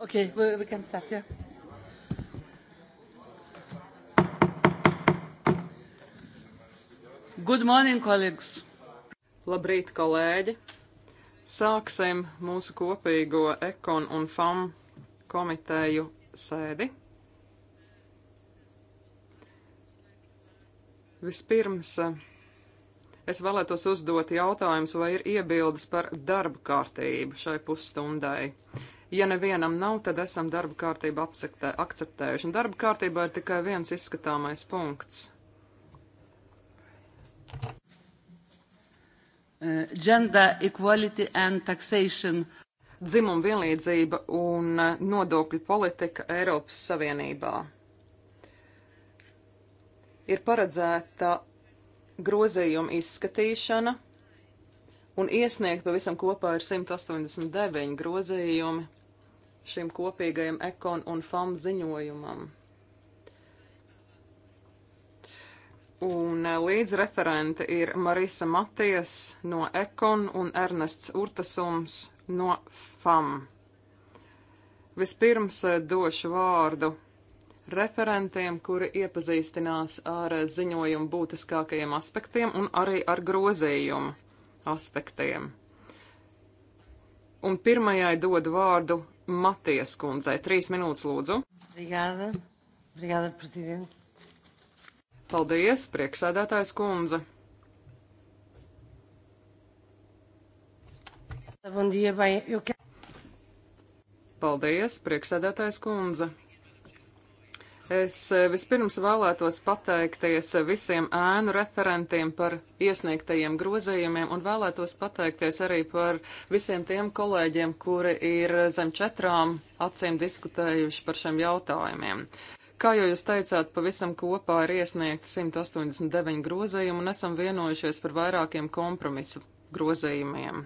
Okay, we, we can start, yeah. Good morning, colleagues. Labrīt, kolēģi. Sāksim mūsu kopīgo Ekon un FAM komiteju sēdi. Vispirms es vēlētos uzdot jautājumus, vai ir iebildes par darba kārtību šai pusstundai. Ja nevienam nav, tad esam darba kārtību apsektē, akceptējuši. Un darba kārtībā ir tikai viens izskatāmais punkts. Uh, gender equality and taxation. Dzimuma vienlīdzība un uh, nodokļu politika Eiropas Savienībā. Ir paredzēta grozījuma izskatīšana un iesniegt pavisam kopā ir 189 grozījumi šim kopīgajam ekon un fam ziņojumam. Un eh, līdz referente ir Marisa Maties no Ekon un Ernests Urtasums no FAM. Vispirms eh, došu vārdu referentiem, kuri iepazīstinās ar eh, ziņojumu būtiskākajiem aspektiem un arī ar grozījumu aspektiem. Un pirmajai dodu vārdu Matijas kundzei. Trīs minūtes lūdzu. Brigāda. Brigāda, prezident. Paldies, priekšsēdētājs kundze. Paldies, priekšsēdētājs kundze. Es eh, vispirms vēlētos pateikties visiem ēnu referentiem par iesniegtajiem grozējumiem un vēlētos pateikties arī par visiem tiem kolēģiem, kuri ir zem četrām acīm diskutējuši par šiem jautājumiem. Kā jau jūs teicāt, pavisam kopā ir iesniegti 189 grozējumi un esam vienojušies par vairākiem kompromisu grozējumiem.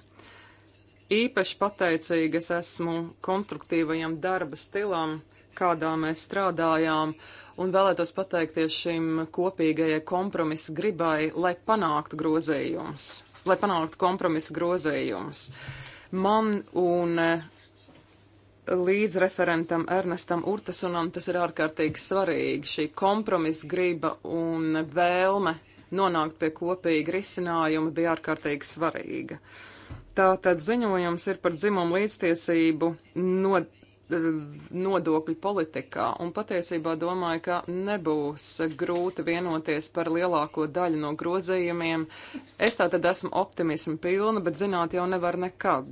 Īpaši pateicīgas esmu konstruktīvajam darba stilam kādā mēs strādājām, un vēlētos pateikties šim kopīgajai kompromisa gribai, lai panāktu grozījumus, lai panāktu kompromisa grozījumus. Man un e, līdzreferentam Ernestam Urtasunam tas ir ārkārtīgi svarīgi, šī kompromisa griba un vēlme nonākt pie kopīga risinājuma bija ārkārtīgi svarīga. Tātad ziņojums ir par dzimumu līdztiesību no nodokļu politikā, un patiesībā domāju, ka nebūs grūti vienoties par lielāko daļu no grozījumiem. Es tā tad esmu optimismu pilna, bet zināt jau nevar nekad.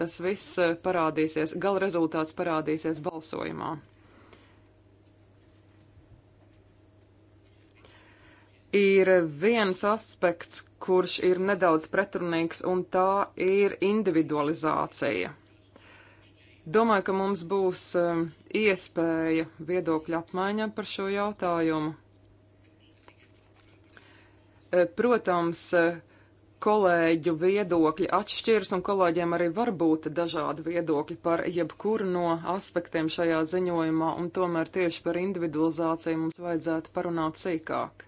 Tas viss eh, parādīsies, gala rezultāts parādīsies balsojumā. ir viens aspekts, kurš ir nedaudz pretrunīgs, un tā ir individualizācija. Domāju, ka mums būs um, iespēja viedokļa apmaiņam par šo jautājumu. Uh, protams, uh, kolēģu viedokļi atšķiras, un kolēģiem arī var būt dažādi viedokļi par jebkuru no aspektiem šajā ziņojumā, un tomēr tieši par individualizāciju mums vajadzētu parunāt sīkāk.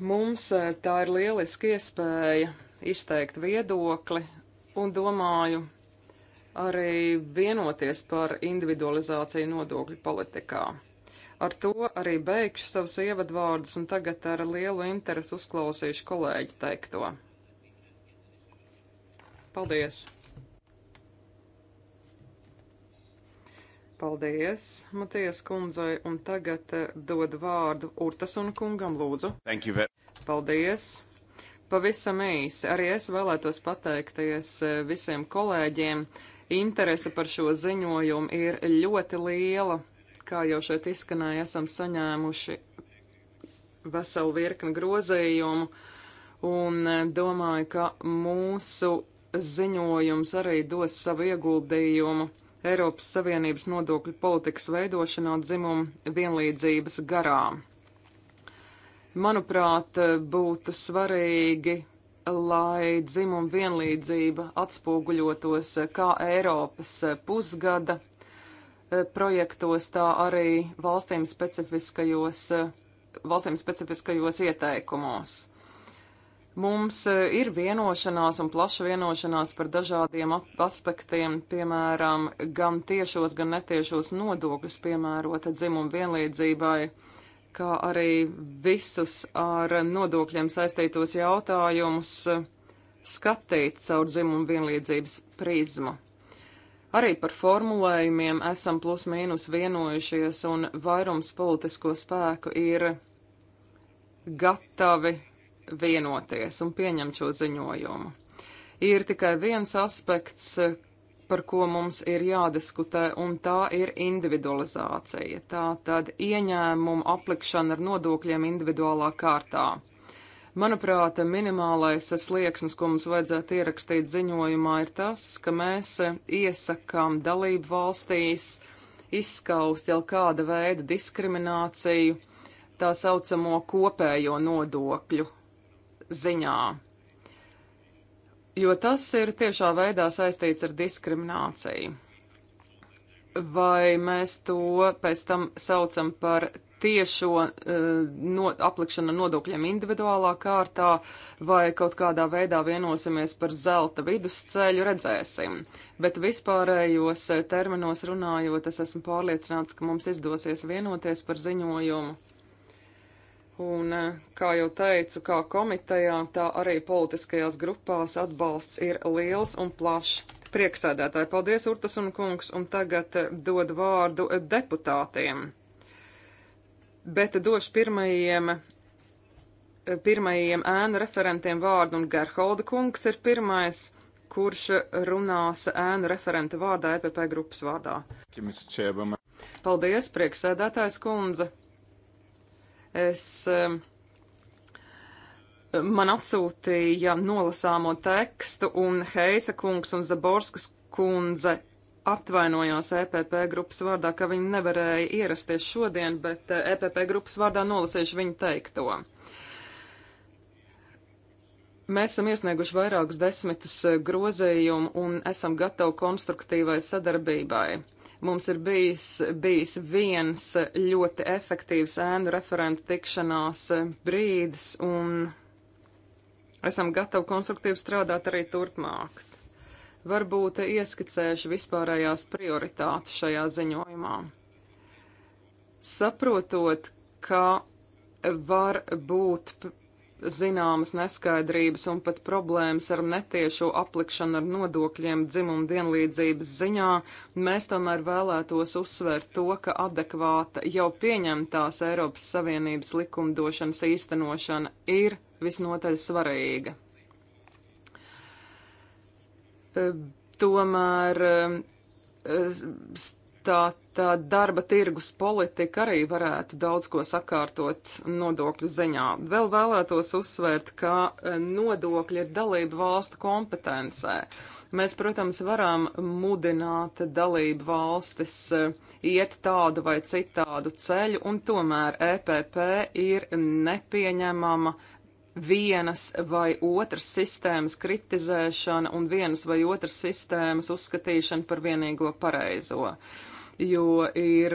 Mums uh, tā ir lieliski iespēja izteikt viedokli un domāju arī vienoties par individualizāciju nodokļu politikā. Ar to arī beigšu savus ievadvārdus un tagad ar lielu interesi uzklausīšu kolēģi teikto. Paldies! Paldies, Matijas kundzei, un tagad eh, dod vārdu Urtas un kungam lūdzu. Paldies! Pavisam īsi, arī es vēlētos pateikties e, visiem kolēģiem. Interese par šo ziņojumu ir ļoti liela. Kā jau šeit izskanēja, esam saņēmuši veselu virkni grozījumu un e, domāju, ka mūsu ziņojums arī dos savu ieguldījumu Eiropas Savienības nodokļu politikas veidošanā dzimumu vienlīdzības garām. Manuprāt, būtu svarīgi, lai dzimuma vienlīdzība atspoguļotos kā Eiropas pusgada projektos, tā arī valstīm specifiskajos, valstīm specifiskajos ieteikumos. Mums ir vienošanās un plaša vienošanās par dažādiem aspektiem, piemēram, gan tiešos, gan netiešos nodokļus piemērota dzimumu vienlīdzībai kā arī visus ar nodokļiem saistītos jautājumus skatīt caur dzimumu vienlīdzības prizmu. Arī par formulējumiem esam plus mīnus vienojušies, un vairums politisko spēku ir gatavi vienoties un pieņemt šo ziņojumu. Ir tikai viens aspekts, par ko mums ir jādiskutē, un tā ir individualizācija. Tā tad ieņēmumu aplikšana ar nodokļiem individuālā kārtā. Manuprāt, minimālais slieksnis, ko mums vajadzētu ierakstīt ziņojumā, ir tas, ka mēs iesakām dalību valstīs izskaust jau kāda veida diskrimināciju tā saucamo kopējo nodokļu ziņā jo tas ir tiešā veidā saistīts ar diskrimināciju. Vai mēs to pēc tam saucam par tiešo eh, no, aplikšanu nodokļiem individuālā kārtā vai kaut kādā veidā vienosimies par zelta vidusceļu, redzēsim. Bet vispārējos eh, terminos runājot, es esmu pārliecināts, ka mums izdosies vienoties par ziņojumu Un, eh, kā jau teicu, kā komitejā, tā arī politiskajās grupās atbalsts ir liels un plašs. Prieksēdētāji, paldies, Urtas un kungs, un tagad eh, dod vārdu eh, deputātiem. Bet došu pirmajiem, pirmajiem ēnu referentiem vārdu, un Gerholda kungs ir pirmais, kurš runās ēnu referenta vārdā, EPP grupas vārdā. Paldies, prieksēdētājs kundze! Es, um, man atsūtīja nolasāmo tekstu, un Heisa kungs un Zaborskas kundze atvainojās EPP grupas vārdā, ka viņi nevarēja ierasties šodien, bet uh, EPP grupas vārdā nolasīšu viņu teikto. Mēs esam iesnieguši vairākus desmitus uh, grozījumu un esam gatavi konstruktīvai sadarbībai. Mums ir bijis, bijis viens ļoti efektīvs ēnu referentu tikšanās brīdis, un esam gatavi konstruktīvi strādāt arī turpmāk. Varbūt ieskicēšu vispārējās prioritātes šajā ziņojumā. Saprotot, ka var būt zināmas neskaidrības un pat problēmas ar netiešo aplikšanu ar nodokļiem dzimumu dienlīdzības ziņā, mēs tomēr vēlētos uzsvērt to, ka adekvāta jau pieņemtās Eiropas Savienības likumdošanas īstenošana ir visnotaļ svarīga. Tomēr eh, tā Tad darba tirgus politika arī varētu daudz ko sakārtot nodokļu ziņā. Vēl vēlētos uzsvērt, ka e, nodokļi ir dalību valstu kompetencē. Mēs, protams, varam mudināt dalību valstis e, iet tādu vai citādu ceļu, un tomēr EPP ir nepieņemama vienas vai otras sistēmas kritizēšana un vienas vai otras sistēmas uzskatīšana par vienīgo pareizo. Uh, jo ir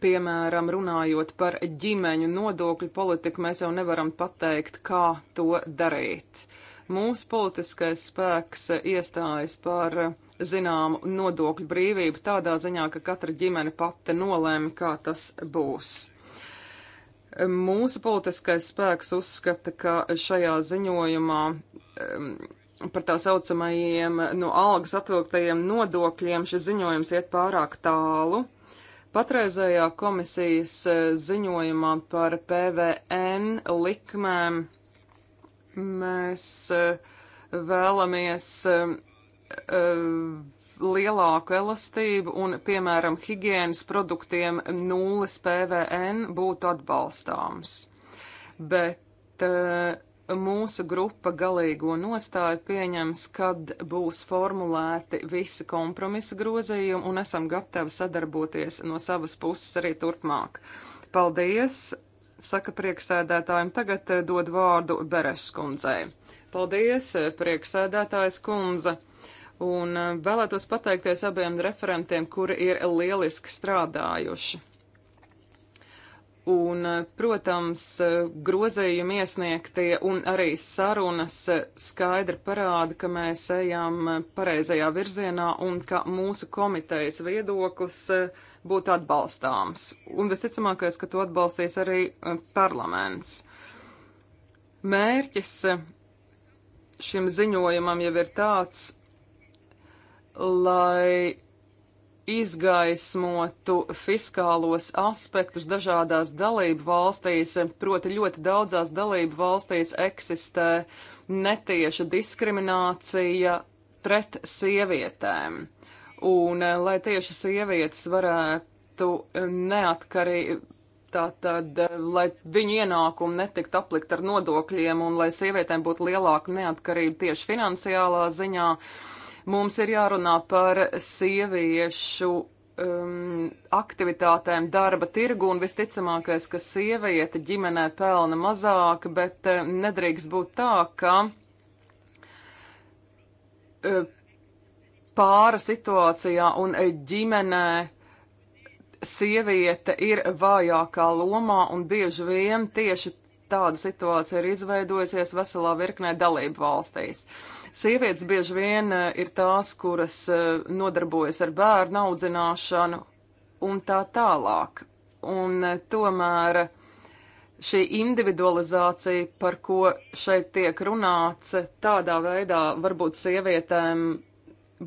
piemēram, runājot par ģimeņu nodokļu politiku, mēs jau nevaram pateikt, kā to darīt. Mūsu politiskais spēks iestājas par zināmu nodokļu brīvību tādā ziņā, ka katra ģimene pati nolēma, kā tas būs. Mūsu politiskais spēks uzskata, ka šajā ziņojumā um, par tā saucamajiem no nu, algas atvilktajiem nodokļiem šis ziņojums iet pārāk tālu. Patreizējā komisijas e, ziņojumā par PVN likmēm mēs e, vēlamies e, lielāku elastību un, piemēram, higiēnas produktiem nulles PVN būtu atbalstāms. Bet mūsu grupa galīgo nostāju pieņems, kad būs formulēti visi kompromisa grozījumi un esam gatavi sadarboties no savas puses arī turpmāk. Paldies, saka prieksēdētājiem, tagad eh, dod vārdu Beres kundzei. Paldies, eh, prieksēdētājs kundze. Un eh, vēlētos pateikties abiem referentiem, kuri ir lieliski strādājuši. Un, eh, protams, eh, grozējumi iesniegtie un arī sarunas eh, skaidri parāda, ka mēs ejam pareizajā virzienā un ka mūsu komitejas viedoklis būtu atbalstāms. Un visticamākais, ka to atbalstīs arī parlaments. Mērķis šim ziņojumam jau ir tāds, lai izgaismotu fiskālos aspektus dažādās dalību valstīs, proti ļoti daudzās dalību valstīs eksistē netieša diskriminācija pret sievietēm. Un, eh, lai tieši sievietes varētu neatkarīgi, tātad, eh, lai viņu ienākumu netikt aplikt ar nodokļiem un lai sievietēm būtu lielāka neatkarība tieši finansiālā ziņā, uh, Mums ir jārunā par sieviešu um, aktivitātēm darba tirgu, un visticamākais, ka sieviete ģimenē pelna mazāk, bet um, nedrīkst būt tā, ka um, pāra situācijā un ģimenē sieviete ir vājākā lomā, un bieži vien tieši tāda situācija ir izveidojusies veselā virknē dalību valstīs. Sievietes bieži vien eh, ir tās, kuras eh, nodarbojas ar bērnu audzināšanu un tā tālāk. Un eh, tomēr šī individualizācija, par ko šeit tiek runāts, tādā veidā varbūt sievietēm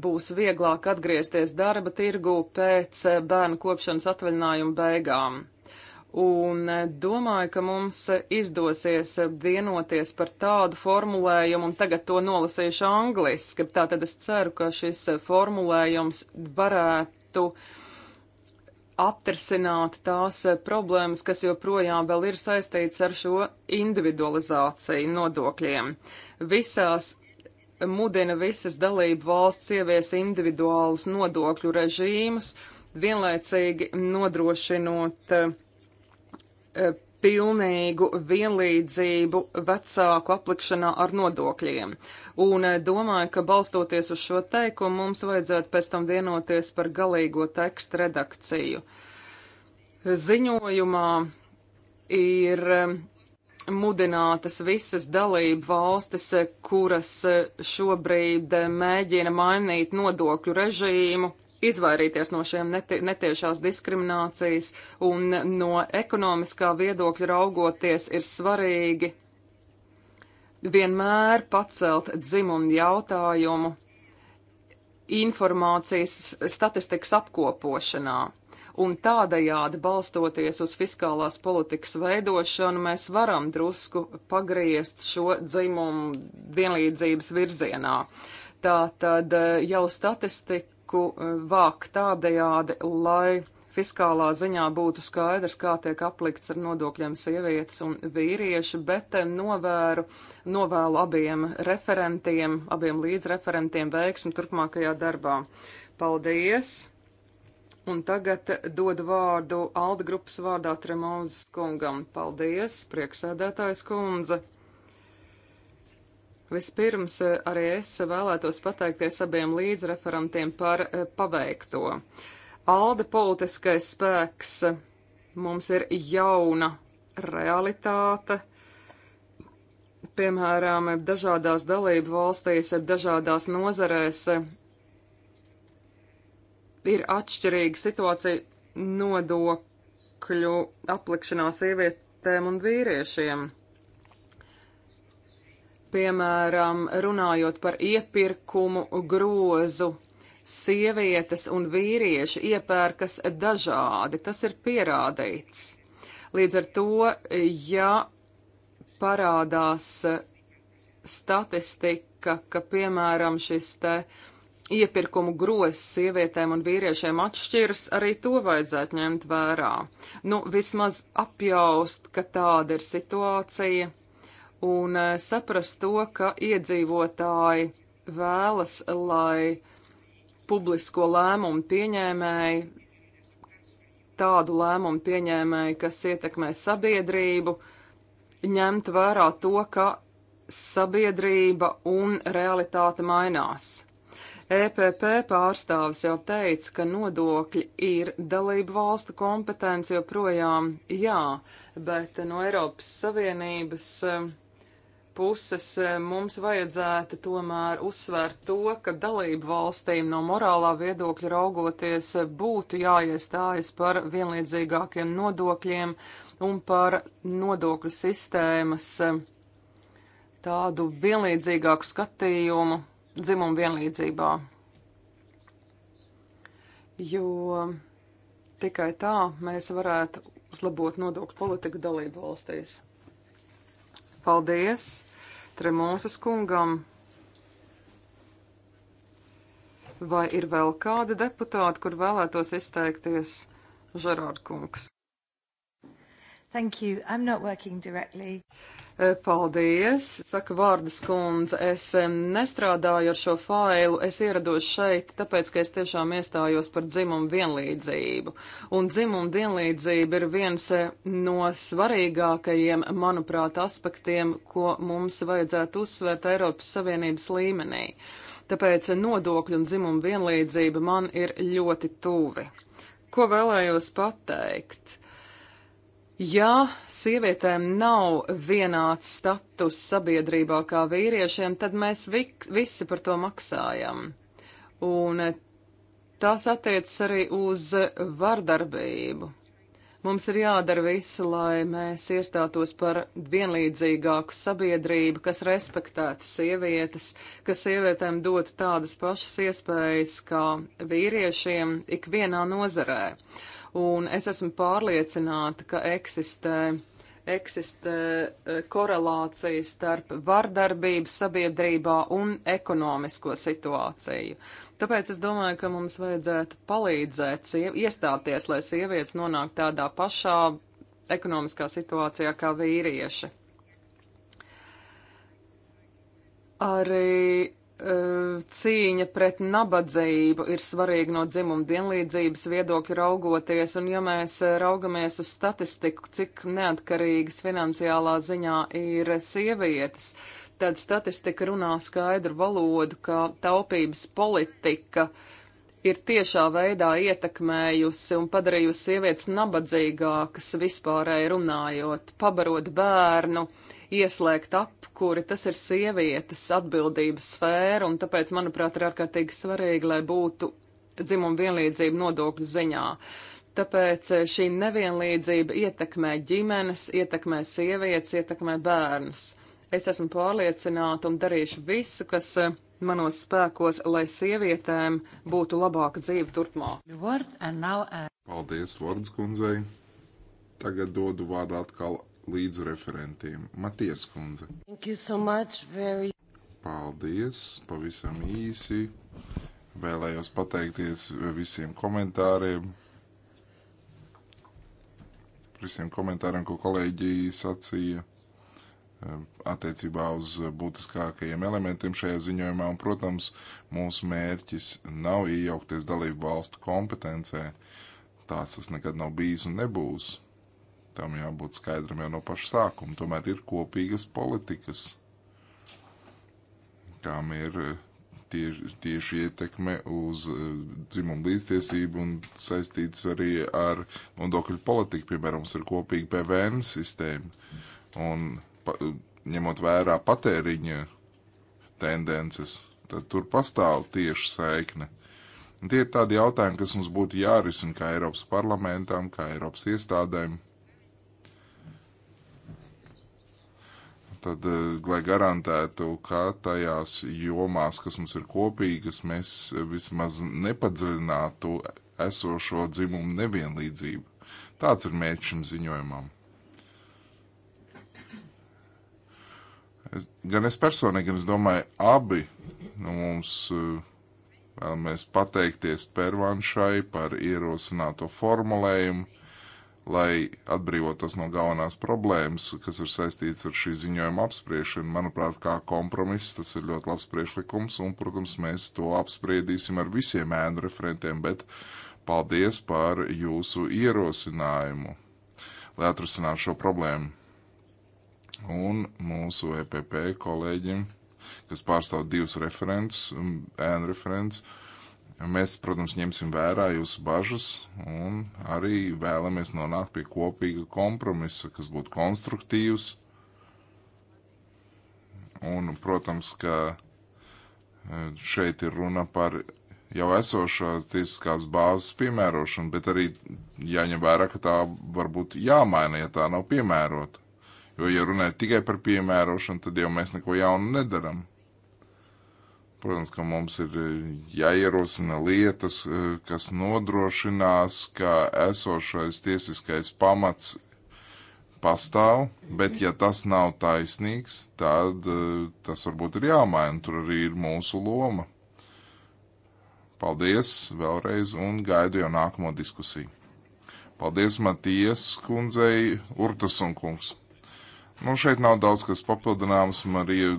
būs vieglāk atgriezties darba tirgu pēc bērnu kopšanas atvaļinājuma beigām un eh, domāju, ka mums eh, izdosies eh, vienoties par tādu formulējumu, un tagad to nolasīšu angliski. Tātad es ceru, ka šis formulējums varētu atrisināt tās problēmas, kas joprojām vēl ir saistīts ar šo individualizāciju nodokļiem. Visās mudina visas dalību valsts ievies individuālus nodokļu režīmus, vienlaicīgi nodrošinot uh, Eh, pilnīgu vienlīdzību vecāku aplikšanā ar nodokļiem. Un eh, domāju, ka balstoties uz šo teikumu mums vajadzētu pēc tam vienoties par galīgo tekstu redakciju. Ziņojumā ir eh, mudinātas visas dalību valstis, kuras šobrīd mēģina mainīt nodokļu režīmu izvairīties no šiem neti netiešās diskriminācijas un no ekonomiskā viedokļa raugoties ir svarīgi vienmēr pacelt dzimumu jautājumu informācijas statistikas apkopošanā. Un tādējādi balstoties uz fiskālās politikas veidošanu, mēs varam drusku pagriezt šo dzimumu vienlīdzības virzienā. Tā tad eh, jau statistika politiku eh, vākt tādējādi, lai fiskālā ziņā būtu skaidrs, kā tiek aplikts ar nodokļiem sievietes un vīrieši, bet eh, novēru, novēlu abiem referentiem, abiem līdzreferentiem veiksmi turpmākajā darbā. Paldies! Un tagad eh, dodu vārdu Alda grupas vārdā Tremozes kungam. Paldies, prieksēdētājs kundze! Vispirms eh, arī es vēlētos pateikties abiem līdzreferentiem par eh, paveikto. Alde politiskais spēks eh, mums ir jauna realitāte. Piemēram, dažādās dalību valstīs, dažādās nozarēs ir atšķirīga situācija nodokļu aplikšanā sievietēm un vīriešiem. Piemēram, runājot par iepirkumu grozu, sievietes un vīrieši iepērkas dažādi, tas ir pierādīts. Līdz ar to, ja parādās statistika, ka, piemēram, šis te iepirkumu grozs sievietēm un vīriešiem atšķiras, arī to vajadzētu ņemt vērā. Nu, vismaz apjaust, ka tāda ir situācija, un eh, saprast to, ka iedzīvotāji vēlas, lai publisko lēmumu pieņēmēji, tādu lēmumu pieņēmēji, kas ietekmē sabiedrību, ņemt vērā to, ka sabiedrība un realitāte mainās. EPP pārstāvis jau teica, ka nodokļi ir dalību valstu kompetence joprojām, jā, bet no Eiropas Savienības uh, puses eh, mums vajadzētu tomēr uzsvērt to, ka dalību valstīm no morālā viedokļa raugoties eh, būtu jāiestājas par vienlīdzīgākiem nodokļiem un par nodokļu sistēmas eh, tādu vienlīdzīgāku skatījumu dzimumu vienlīdzībā. Jo tikai tā mēs varētu uzlabot nodokļu politiku dalību valstīs. Paldies! Tremonsas kungam. Vai ir vēl kādi deputāti, kur vēlētos izteikties Žerārd kungs? Thank you. I'm not working directly. E, paldies, saka Vārdas kundze. Es nestrādāju ar šo failu, es ierados šeit, tāpēc, ka es tiešām iestājos par dzimumu vienlīdzību. Un dzimumu vienlīdzība ir viens e, no svarīgākajiem, manuprāt, aspektiem, ko mums vajadzētu uzsvērt Eiropas Savienības līmenī. Tāpēc nodokļu un dzimumu vienlīdzība man ir ļoti tuvi. Ko vēlējos pateikt? Ja sievietēm nav vienāds status sabiedrībā kā vīriešiem, tad mēs vik, visi par to maksājam. Un eh, tas attiecas arī uz vardarbību. Mums ir jādara viss, lai mēs iestātos par vienlīdzīgāku sabiedrību, kas respektētu sievietes, kas sievietēm dotu tādas pašas iespējas kā vīriešiem ikvienā nozarē. Uh, un es esmu pārliecināta, ka eksistē eksistē e, korelācija starp vardarbību sabiedrībā un ekonomisko situāciju. Tāpēc es domāju, ka mums vajadzētu palīdzēt siev, iestāties, lai sievietes nonāk tādā pašā ekonomiskā situācijā kā vīrieši. Arī E, cīņa pret nabadzību ir svarīga no dzimuma dienlīdzības viedokļa raugoties, un ja mēs e, raugamies uz statistiku, cik neatkarīgas finansiālā ziņā ir sievietes, tad statistika runā skaidru valodu, ka taupības politika ir tiešā veidā ietekmējusi un padarījusi sievietes nabadzīgākas vispārēji runājot, pabarot bērnu ieslēgt apkuri, tas ir sievietes atbildības sfēra, un tāpēc, manuprāt, ir ārkārtīgi svarīgi, lai būtu dzimuma vienlīdzība nodokļu ziņā. Tāpēc eh, šī nevienlīdzība ietekmē ģimenes, ietekmē sievietes, ietekmē bērnus. Es esmu pārliecināta un darīšu visu, kas eh, manos spēkos, lai sievietēm būtu labāka dzīve turpmāk. Uh, Paldies, Vordas kundzei! Tagad dodu vārdu atkal līdz referentiem. Maties kundze. So much, very... Paldies, pavisam īsi. Vēlējos pateikties visiem komentāriem. Visiem komentāriem, ko kolēģi sacīja eh, attiecībā uz būtiskākajiem elementiem šajā ziņojumā. Un, protams, mūsu mērķis nav iejaukties dalību valstu kompetencē. Tās tas nekad nav bijis un nebūs tam jābūt skaidram jau no paša sākuma. Tomēr ir kopīgas politikas, kam ir eh, tieši, tieši ietekme uz eh, dzimumu līdztiesību un saistīts arī ar nodokļu politiku. Piemēram, mums ir kopīga PVN sistēma un pa, ņemot vērā patēriņa tendences, tad tur pastāv tieši saikne. Tie ir tādi jautājumi, kas mums būtu jārisina kā Eiropas parlamentam, kā Eiropas iestādēm. Tad, eh, lai garantētu, ka tajās jomās, kas mums ir kopīgas, mēs vismaz nepadziļinātu esošo dzimumu nevienlīdzību. Tāds ir mērķis šim ziņojumam. Gan es personīgi, gan es domāju, abi no nu, mums eh, vēlamies pateikties Pervanšai par ierosināto formulējumu lai atbrīvotos no galvenās problēmas, kas ir saistīts ar šī ziņojuma apspriešanu. Manuprāt, kā kompromiss tas ir ļoti labs priešlikums, un, protams, mēs to apspriedīsim ar visiem ēnu referentiem, bet paldies par jūsu ierosinājumu, lai atrisinātu šo problēmu. Un mūsu EPP kolēģim, kas pārstāv divus referents, ēnu referents, uh, Mēs, protams, ņemsim vērā jūsu bažas un arī vēlamies nonākt pie kopīga kompromisa, kas būtu konstruktīvs. Un, protams, ka e, šeit ir runa par jau esošās tiesiskās bāzes piemērošanu, bet arī jāņem vērā, ka tā varbūt jāmaina, ja tā nav piemērota. Jo, ja runājat tikai par piemērošanu, tad jau mēs neko jaunu nedaram. Protams, ka mums ir eh, jāierosina lietas, eh, kas nodrošinās, ka esošais tiesiskais pamats pastāv, bet ja tas nav taisnīgs, tad eh, tas varbūt ir jāmaina. Tur arī ir mūsu loma. Paldies vēlreiz un gaidu jau nākamo diskusiju. Paldies Matijas kundzei Urtas un kungs. Nu, šeit nav daudz kas papildināms, Marija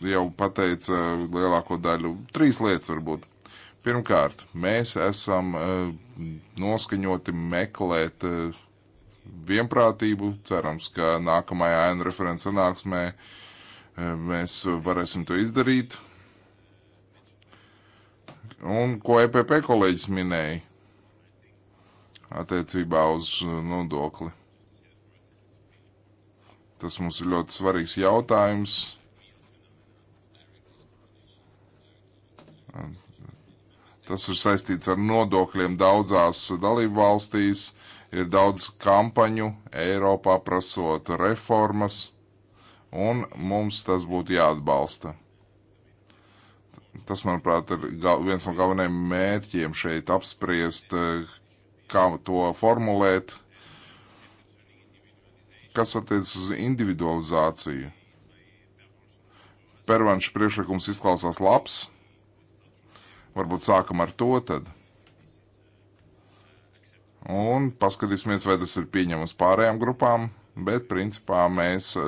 jau pateica lielāko daļu. Trīs lietas varbūt. Pirmkārt, mēs esam e, noskaņoti meklēt e, vienprātību. Cerams, ka nākamajā ēnu referents sanāksmē e, mēs varēsim to izdarīt. Un ko EPP kolēģis minēja attiecībā uz nodokli. Tas mums ir ļoti svarīgs jautājums Tas ir saistīts ar nodokļiem daudzās dalību valstīs, ir daudz kampaņu Eiropā prasot reformas, un mums tas būtu jāatbalsta. Tas, manuprāt, ir viens no galvenajiem mērķiem šeit apspriest, kā to formulēt, kas attiecas uz individualizāciju. Pervanš priekšlikums izklausās labs, Varbūt sākam ar to tad. Un paskatīsimies, vai tas ir pieņemams pārējām grupām, bet principā mēs e,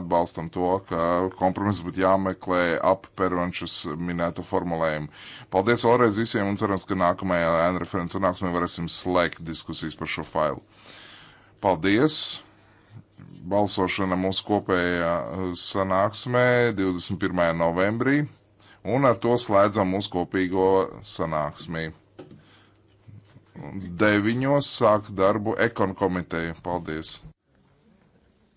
atbalstam to, ka kompromiss būtu jāmeklē ap peronšas minēto formulējumu. Paldies vēlreiz visiem un cerams, ka nākamajā ēna referents sanāksmē varēsim slēgt diskusijas par šo failu. Paldies! balsošana mūsu kopējā e, sanāksmē 21. novembrī. Un ar to slēdzam mūsu kopīgo sanāksmī. Deviņos sāk darbu ekon komiteja. Paldies!